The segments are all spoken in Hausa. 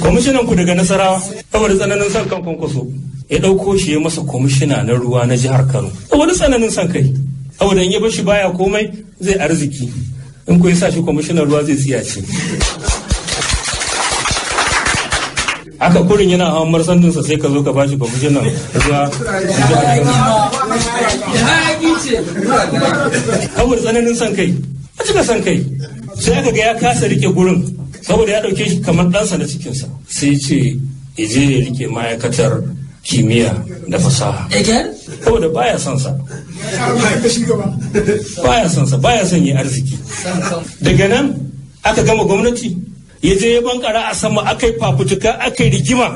kwamishinan ku daga nasarawa saboda tsananin son kan kwankwaso ya ɗauko shi ya masa kwamishina na ruwa na jihar kano saboda tsananin son kai saboda in ya bashi baya komai zai arziki in ku sa shi kwamishinan ruwa zai tsiyace haka kurin yana hawan marsandinsa sai ka zo ka bashi kwamishinan ruwa saboda tsananin son kai a cika son kai sai aka ga ya kasa rike gurin saboda ya ɗauke shi kamar ɗansa na cikinsa sai ce ya je ya rike ma'aikatar kimiyya da fasaha saboda baya son sa baya son sa baya son yi arziki daga nan aka gama gwamnati ya je ya bankara a sama akai fafutuka aka rigima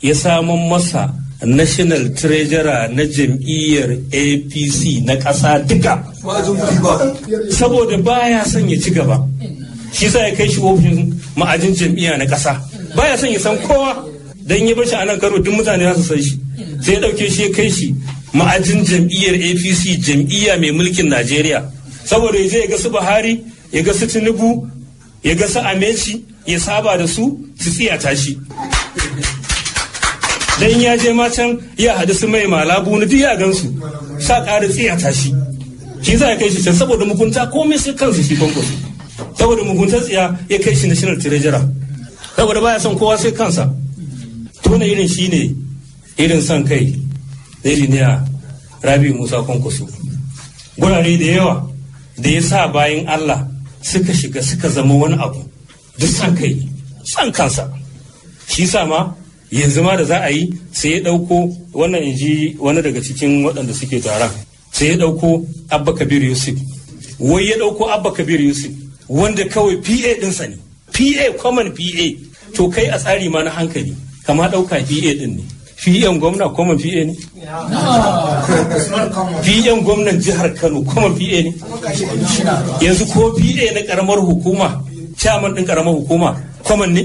ya samun masa national treasurer na jam'iyyar apc na ƙasa duka saboda baya son ya ci gaba shi sa ya kai shi ofishin ma'ajin jam'iyya na ƙasa baya son ya san kowa dan ya bar a nan karo duk mutane za su san shi sai ya ɗauke shi ya kai shi ma'ajin jam'iyyar apc jam'iyya mai mulkin najeriya saboda ya je ya ga su buhari ya ga su tinubu ya ga su ameci ya saba da su su tsiya tashi dan ya je ma can ya hadu su mai malabu na duk ya gansu sa ƙara tsiya tashi shi za ya kai shi can saboda mugunta komai sai kansu shi kwankwaso saboda muguntar tsiya ya kai shi national treasurer saboda baya son kowa sai kansa tona irin shi ne irin son kai da injiniya rabi musa kwankwaso gurare da yawa da ya sa bayan allah suka shiga suka zama wani abu duk son kai son kansa shi sa ma yanzu ma da za a yi sai ya dauko wannan in ji wani daga cikin waɗanda suke taron sai ya dauko abba kabir yusuf wai ya dauko abba kabir yusuf wanda kawai PA ɗinsa ne PA common PA to kai a tsari ma na hankali kama ɗauka PA din ne PA gwamna common PA ne PA gwamnan jihar Kano common PA ne yanzu ko PA na karamar hukuma chairman din karamar hukuma common ne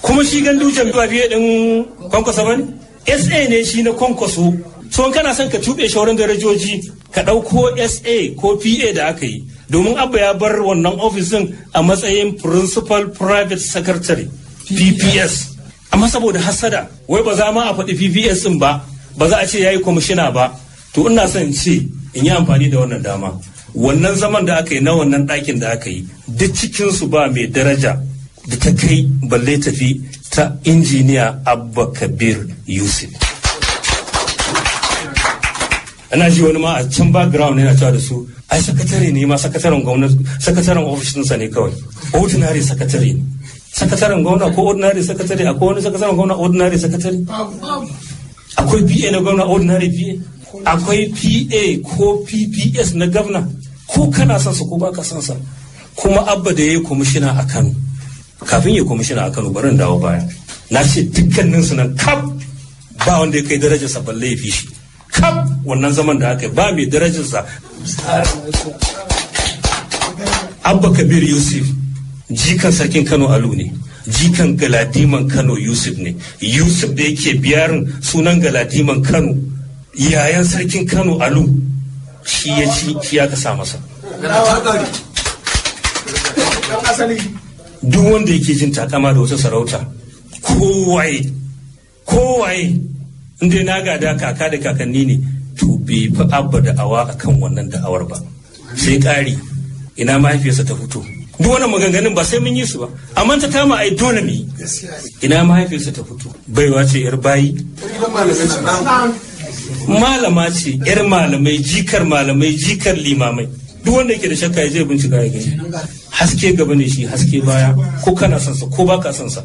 kuma shi gandu jami'a PA ɗin kwankwasa ba ne SA ne shi na kwankwaso so kana son ka tuɓe shawarar darajoji ka ɗauko SA ko PA da aka yi domin abba ya bar wannan ofisin a matsayin principal private secretary pps amma saboda hasada wai ba za ma a faɗi pps ɗin ba ba za a ce ya yi kwamishina ba to ina son ce in yi amfani da wannan dama wannan zaman da aka yi na wannan ɗakin da aka yi duk cikinsu ba mai daraja da ta kai balle tafi ta injiniya abba kabir yusuf ana ji wani ma a can background yana cewa da su ai sakatare ne ma sakataren gwamnati sakataren ofishinsa ne kawai ordinary sakatare ne sakataren gwamna ko ordinary sakatare akwai wani sakataren gwamna ordinary sakatare akwai pa na gwamna ordinary pa akwai pa ko pps na gwamna ko kana son sa ko baka son sa kuma abba da yayi commissioner a Kano kafin yayi commissioner a Kano bari dawo baya na ce dukkanin su nan kaf ba wanda ya kai darajar sa laifi fi shi kaf wannan zaman da aka yi ba mai darajarsa abba kabir yusuf jikan sarkin kano alu ne jikan galadiman kano yusuf ne yusuf da yake biyarin sunan galadiman kano yayan sarkin kano alu shi ya ci shi ya kasa masa duk wanda yake jin takama da wata sarauta kowaye kowaye in dai na gada kaka da kakanni ne to bai fi abba da awa a kan wannan da'awar ba sai ƙari ina mahaifiyarsa ta fito duk wannan maganganun ba sai mun yi su ba amma ta kama a dole mu yi ina mahaifiyarsa ta fito baiwa ce yar bayi malama ce yar malamai jikar malamai jikar limamai duk wanda yake da shakka ya zai bincika ya gani haske gaba ne shi haske baya ko kana sansa ko baka sansa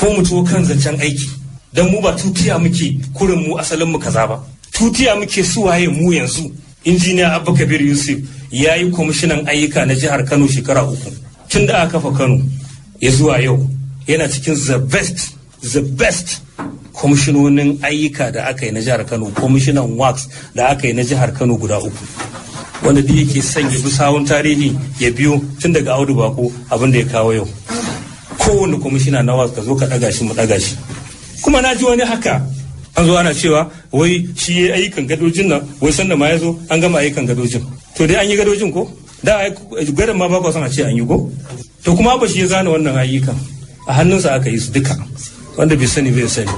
ko mutuwa kan zancen aiki don mu ba tutiya muke kurin mu asalin mu kaza ba tutiya muke suwaye mu yanzu injiniya abba kabir yusuf ya yi kwamishinan ayyuka na jihar kano shekara uku tun da aka kafa kano ya zuwa yau yana cikin the best the best kwamishinonin ayyuka da aka yi na jihar kano kwamishinan wax da aka yi na jihar kano guda uku wanda da yake ya fi sawon tarihi ya biyo tun daga audu bako abin da ya kawo yau kowane kwamishina na wax ka zo ka ɗaga shi mu ɗaga shi kuma na ji wani haka an zo ana cewa wai shi ya ayyukan gadojin nan wai sanda ma ya zo an gama ayyukan gadojin to dai an yi gadojin ko da gadon ma ba ku san a ce an yi ko to kuma ba shi ya zana wannan ayyukan a hannunsa aka yi su duka wanda bai sani bai sani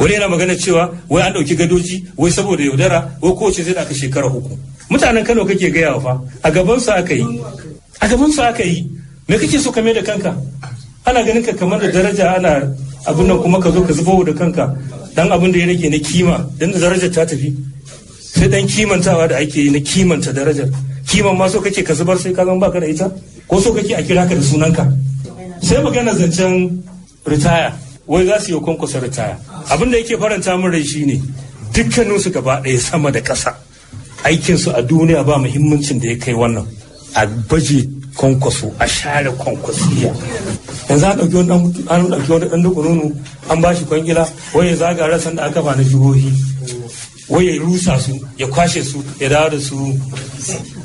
wani yana magana cewa wai an dauki gadoji wai saboda yaudara wai kowace zai da aka shekara uku mutanen kano kake gaya wa fa a gabansu aka yi a gabansu aka yi me kake so ka mai da kanka ana ganin ka kamar da daraja ana abin nan kuma ka zo ka zubo da kanka dan abin da ya rage na kima dan darajar ta tafi sai dan kimantawa da ake na kimanta darajar kiman ma so kake ka zubar sai ka zama baka da ita ko so kake a kira ka da sunanka sai magana zancen ritaya wai za su yi kwankwasa ritaya abin da yake faranta min rai shine dukkaninsu gaba ɗaya sama da ƙasa aikinsu a duniya ba muhimmancin da ya kai wannan a baje kwankwaso a share kwankwaso. yanzu an ɗauki wani an ɗauki wani ɗan dukununu an ba shi kwangila wai ya zaga rasan da aka ba na jihohi wai ya rusa su ya kwashe su ya dawo da su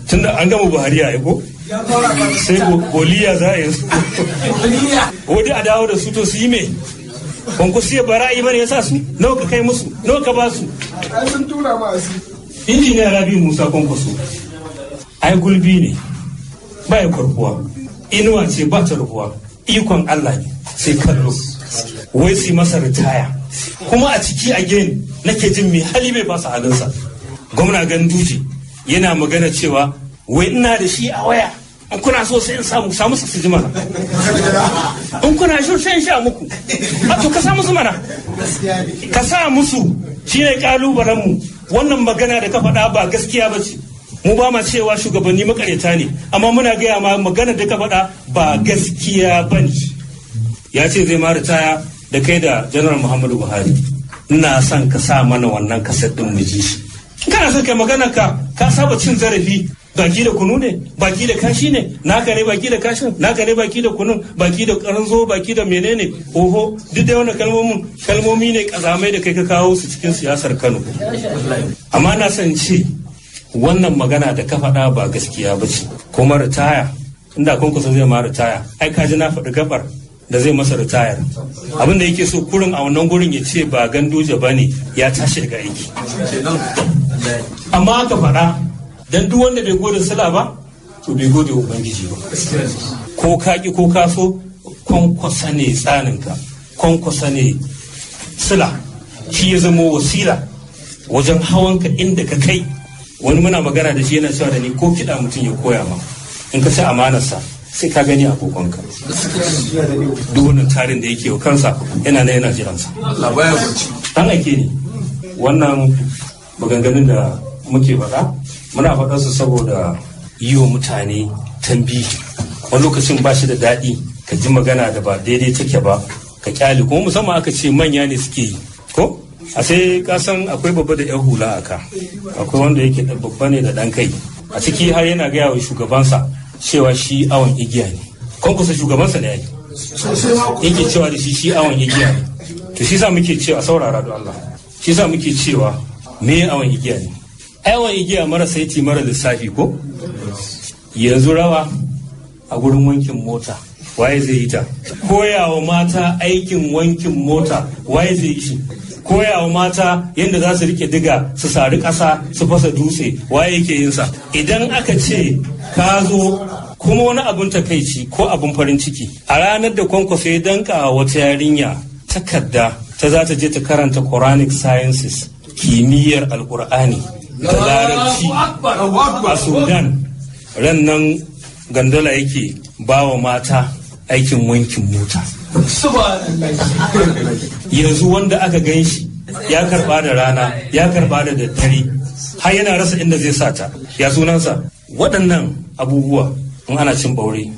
tun da an gama buhari ya ko sai goliya za a yi su wani a dawo da su to su yi me banku siya bara'i bane ya sa su nawa ka kai musu nawa ka ba su su injiniya rabi musa kwankwaso ai gulbi ne ba ya karbuwa inuwa ce ba ta rubuwa ikon Allah ne sai kallo wai su masa ritaya kuma a ciki again nake jin mai hali bai basa halinsa gwamna ganduje yana magana cewa wai ina da shi a waya in kuna so sai in samu samu su su ji mana in kuna shi sai in sha muku a ka sa musu mana ka sa musu shi ne kalubalen mu wannan magana da ka faɗa ba gaskiya ba ce mu ba ma cewa shugabanni makareta ne amma muna gaya ma magana da ka faɗa ba gaskiya ba ne ya ce zai ma taya da kai da janar muhammadu buhari ina son ka sa mana wannan kasar din mu ji shi kana son kai magana ka ka saba cin zarafi baki da kunu ne baki da kashi ne naka ne baki da kashin naka ne baki da kunun baki da karanzo baki da menene oho duk da wannan kalmomin kalmomi ne kazamai da kai ka kawo su cikin siyasar Kano amma na san ce wannan magana da ka faɗa ba gaskiya ba ce kuma ritaya inda kun kusa zai ma ritaya ai ka ji na faɗi gabar da zai masa ritayar abinda yake so kurin a wannan gurin ya ce ba ganduje ba ne ya tashi daga aiki amma aka faɗa dan duk wanda bai gode sula ba to bai gode wa ubangiji ba ko ka ki ko ka so kwankwasa ne tsaninka kwankwasa ne sila shi ya zama wasila wajen hawanka inda ka kai wani muna magana da shi yana cewa da ni ko kiɗa mutum ya koya ma in ka ci amanarsa sai ka gani agogonka duk wannan tarin da yake wa kansa yana na yana jiransa dan ake ne wannan maganganun da muke faɗa muna faɗa su saboda yi wa mutane tambihi wani lokacin ba shi da daɗi ka ji magana da ba daidai take ba ka kyale kuma musamman aka ce manya ne suke yi ko a sai kasan akwai babba da yan hula aka akwai wanda yake babba ne da dan kai a ciki har yana gaya wa shugabansa cewa shi awon igiya ne kusa shugabansa ne yake yake cewa da shi shi awon igiya ne to shi sa muke cewa saurara da Allah shi sa muke cewa me awon igiya ne awon igiya mara saiti mara lissafi ko yanzu rawa a gurin wankin mota waye zai yi ta koyawa mata aikin wankin mota waye zai yi shi koya wa mata yadda za su rike diga su sari ƙasa su fasa dutse waye yake yin sa idan aka ce ka zo kuma wani abin takaici ko abin farin ciki a ranar da kwankwaso ya danka wata yarinya takarda ta za ta je ta karanta quranic sciences kimiyyar alkur'ani da larabci a sudan ran nan gandala yake ba wa mata aikin wankin mota yanzu wanda aka gan shi ya karba da rana ya karba da daddare har yana rasa inda zai sata ya sunansa waɗannan abubuwa in ana cin ɓaure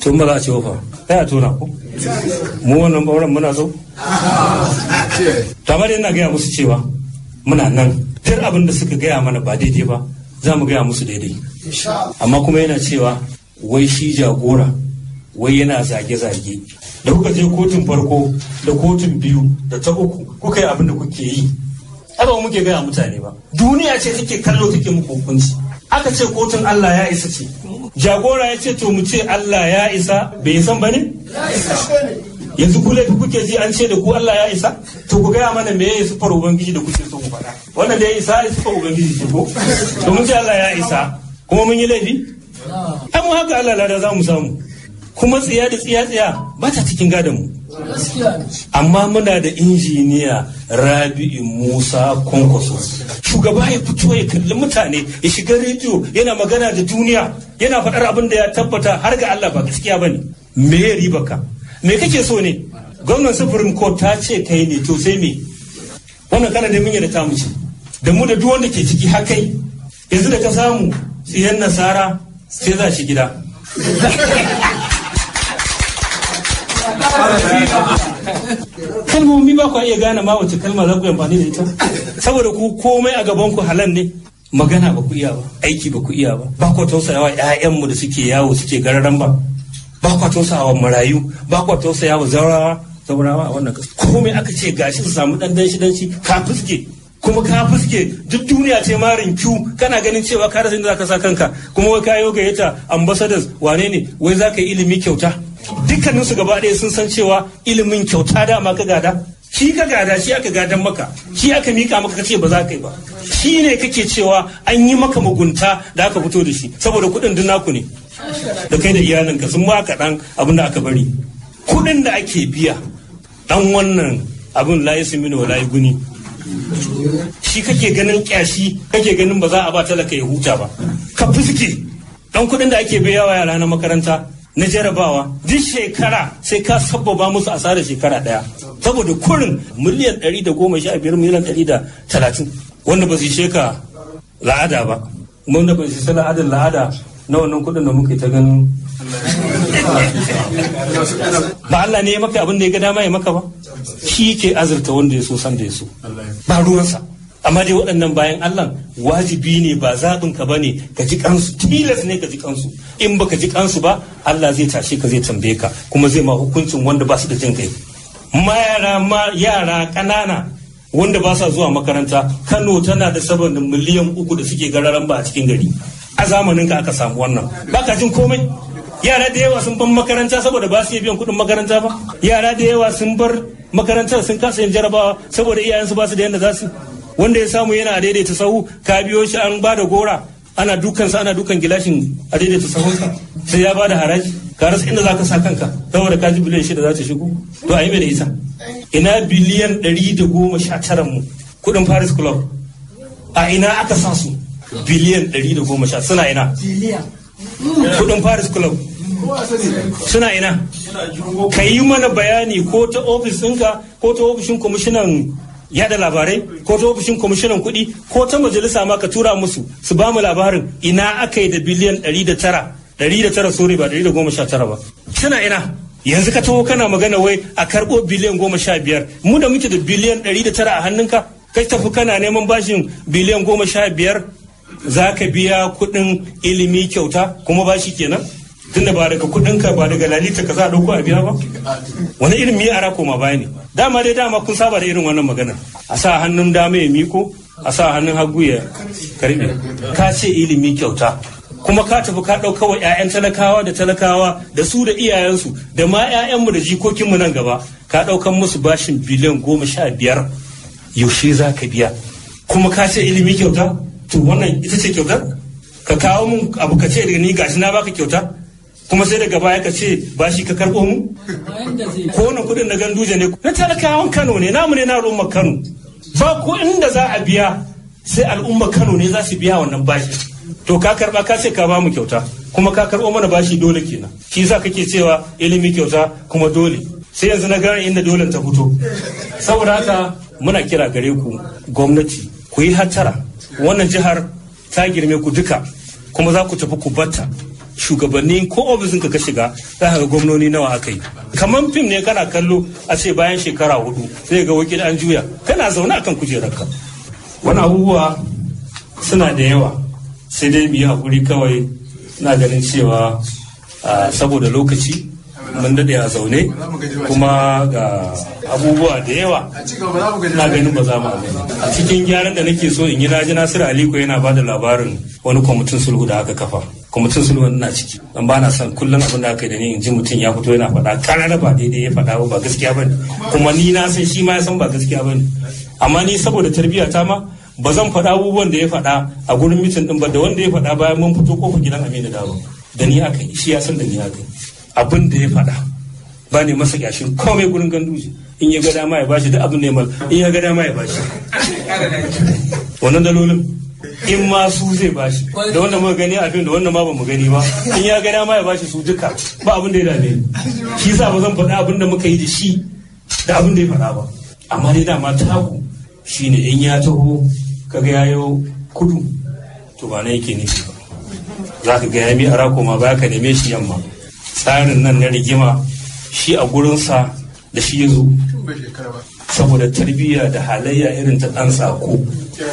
tun ba za a ce wafa ta ya tona ku mu wannan ɓauren muna zo? tamar yana gaya musu cewa muna nan tun abin da suka gaya mana ba daidai ba za mu gaya musu daidai amma kuma yana cewa wai shi jagora wai yana zage-zage da kuka je kotun farko da kotun biyu da ta uku kuka yi abin da kuke yi ba muke gaya mutane ba duniya ce take kallo take muku hukunci aka ce kotun Allah ya isa ce jagora ya ce to mu ce Allah ya isa bai san ba ne yanzu ku laifi kuke ji an ce da ku Allah ya isa to ku gaya mana me ya sufar ubangiji da kuke so ku faɗa wannan da ya isa ya sufar ubangiji ce ko to mun ce Allah ya isa kuma mun yi laifi amma haka Allah lada za mu samu kuma tsiya da tsiya tsiya ba ta cikin gadon mu amma muna da injiniya rabi'u musa kwankwaso shugaba ya fito ya kalli mutane ya shiga rediyo yana magana da duniya yana faɗar abin da ya tabbata har ga allah ba gaskiya ba ne me ya riba ka me kake so ne gwamnan sufurin ko ta ce yi ne to sai me wannan kana da yi da ta muce da mu da duk wanda ke ciki hakai yanzu da ka samu tsiyan nasara sai za shi gida kalmomi ba ku iya gane ma wace kalma za ku yi amfani da ita saboda ku komai a gaban ku halal ne magana ba ku iya ba aiki ba ku iya ba ba ku tausayawa ƴaƴanmu da suke yawo suke gararan ba ba ku tausayawa marayu ba ku tausayawa zaurawa zaurawa a wannan kasa komai aka ce gashi su samu dan danshi danshi ka fuske kuma ka fuske duk duniya ce ma rinku kana ganin cewa ka rasa inda zaka sa kanka kuma wai kayo gayyata ambassadors wane ne wai zaka yi ilimi kyauta dukkaninsu gaba ɗaya sun san cewa ilimin kyauta da ma ka gada shi ka gada shi aka gadan maka shi aka mika maka kace ba za ka yi ba shi ne kake cewa an yi maka mugunta da aka fito da shi saboda kuɗin duk naku ne da kai da iyalinka sun ba ka dan abin da aka bari kuɗin da ake biya dan wannan abin layi su mini layi guni shi kake ganin kyashi kake ganin ba za a ba talaka ya huta ba ka fuske dan kuɗin da ake biya wa yara na makaranta na jarabawa duk shekara sai ka sababa musu asarar shekara daya saboda kurin miliyan 115 miliyan 130 wanda ba su sheka la'ada ba wanda ba su la'adar la'ada na wannan kudin da muke ta ganin ba Allah ne ya maka abin da ya ga dama ya maka ba shi ke azurta wanda ya so san da ya so ba ruwansa amma dai waɗannan bayan Allah wajibi ne ba zaɓin ka bane ka ji kansu tilas ne ka ji kansu in baka ji kansu ba Allah zai tashe ka zai tambaye ka kuma zai ma hukuncin wanda ba su da jin kai mayara yara kanana wanda ba sa zuwa makaranta Kano tana da sabanin miliyan uku da suke gararan ba a cikin gari a zamanin ka aka samu wannan baka jin komai yara da yawa sun bar makaranta saboda ba su biyan kuɗin makaranta ba yara da yawa sun bar makaranta sun kasa yin jarabawa saboda iyayensu ba su da yadda za su wanda ya samu yana daidaita sahu ka biyo shi an bada gora ana sa ana dukan gilashin a daidaita sahunsa sai ya bada haraji ka rasa inda za ka sa kanka saboda ka ji biliyan shida za ta shigo to a yi mai da ita ina biliyan ɗari da goma sha tara mu kuɗin paris club a ina aka sa su biliyan ɗari da goma sha suna ina kuɗin paris club suna ina ka yi mana bayani ko ta ofis ɗinka ko ta ofishin kwamishinan yada labarai ko ta ofishin kwamishinan kuɗi ko ta majalisa ma ka tura musu su ba mu labarin ina aka yi da biliyan ɗari da tara ɗari da tara sori ba ɗari da goma sha tara ba suna ina yanzu ka taho kana magana wai a karɓo biliyan goma sha biyar mu da muke da biliyan ɗari da tara a hannunka kai tafi kana neman bashin biliyan goma sha biyar za ka biya kuɗin ilimi kyauta kuma bashi kenan tunda ba daga ka ba daga lalita ka za a dauko a biya ba wani irin mi ara koma baya ne dama dai dama kun saba da irin wannan magana a sa hannun dama ya miko a sa hannun hagu ya karbe ka ce ilimi kyauta kuma ka tafi ka ɗauka wa 'ya'yan talakawa da talakawa da su da iyayensu da ma 'ya'yanmu da jikokinmu nan gaba ka ɗaukan musu bashin biliyan goma sha biyar yaushe za ka biya kuma ka ce ilimi kyauta to wannan ita ce kyautar ka kawo mun abu ka ce daga ni gashi na baka kyauta kuma sai daga baya ka ce ba shi ka karɓo mu ko wani kuɗin na ganduje ne na talakawan kano ne namu ne na al'umma kano ba ko inda za a biya sai al'umma kano ne za su biya wannan bashi to ka karɓa ka ce ka ba mu kyauta kuma ka karɓo mana bashi dole kenan shi yasa kake cewa ilimi kyauta kuma dole sai yanzu na gane inda dole ta fito saboda haka muna kira gare ku gwamnati ku yi hattara wannan jihar ta girme ku duka kuma za ku tafi ku batta shugabanni ko ofisinka ka shiga za ka ga gwamnoni nawa aka yi kamar fim ne kana kallo a ce bayan shekara hudu sai ga wakil an juya kana zaune akan kujerar ka. wani abubuwa suna da yawa sai dai biyu hakuri kawai na ganin cewa saboda lokaci mun daɗe a zaune kuma ga abubuwa da yawa na ganin ba za mu a cikin gyaran da nake so in yi na ji nasiru aliko yana ba da labarin wani kwamitin sulhu da aka kafa kuma suna wani na ciki dan ba na son kullum abin da aka yi da ni in ji mutum ya fito yana faɗa karar ba daidai ya faɗa ba gaskiya ba kuma ni na san shi ma ya san ba gaskiya ba amma ni saboda tarbiyya ta ma ba zan faɗa abubuwan da ya faɗa a gurin mitin din ba da wanda ya faɗa bayan mun fito kofa gidan Aminu Dabo da ni aka yi shi ya san da ni aka yi abin da ya faɗa ba ne masa yashin komai gurin ganduji in ya ga dama ya bashi da abin ya mal in ya ga dama ya bashi wannan dalolin in ma su zai bashi da wanda muka gani a da wanda ma ba mu gani ba in ya gani ma ya bashi su duka ba abin da ya dame shi sa ba zan faɗa abin da muka yi da shi da abin da ya faɗa ba amma dai dama taku shine in ya taho ka ya yau kudu to ba na yake nufi ba za ka ga ya mi arako ma ba ka neme shi yamma tsarin nan na rigima shi a gurinsa da shi ya zo saboda tarbiyya da halayya irin ta ɗan sako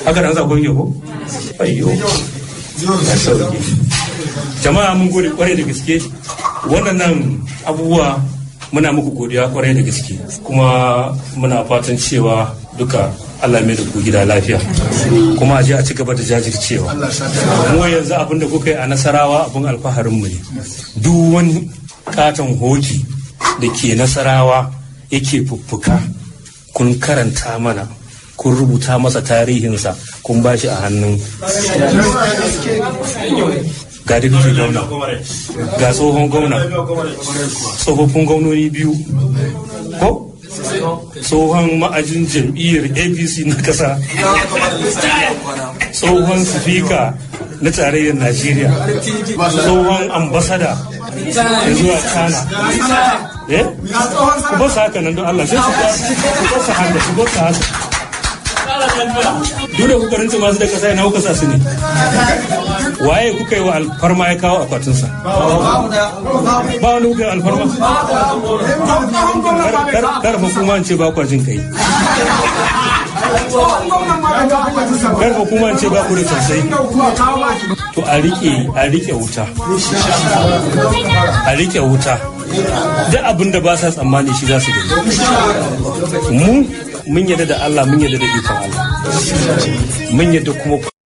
haka nan ko. ku ko ayyo jama'a mun gode kwarai da gaske waɗannan abubuwa muna muku godiya kwarai da gaske kuma muna fatan cewa duka Allah mai da ku gida lafiya kuma a je a ci gaba da jajircewa mu yanzu abin da kuka yi a nasarawa abin mu ne duk wani katon hoki da ke nasarawa yake fuffuka kun karanta mana kun rubuta masa tarihinsa kun ba shi a hannun ga deputy gwamna ga tsohon gwamna tsofaffin gwamnoni biyu ko tsohon ma'ajin jam'iyyar apc na kasa tsohon sifika na tarayyar najeriya tsohon ambasada da zuwa kana eh ku ba su haka nan don allah sai su ba su haka su ba su haka duk da kuka masu da kasa na kuka su ne waye kuka yi wa alfarma ya kawo akwatinsa ba wani kuka yi alfarma karfa kuma ce ba jin kai karfa kuma ce ba ku da tausayi to a rike a rike wuta a rike wuta duk abin da ba sa tsammani shi za su gani mu mun yadda da Allah mun yadda da ikon Allah mun yadda kuma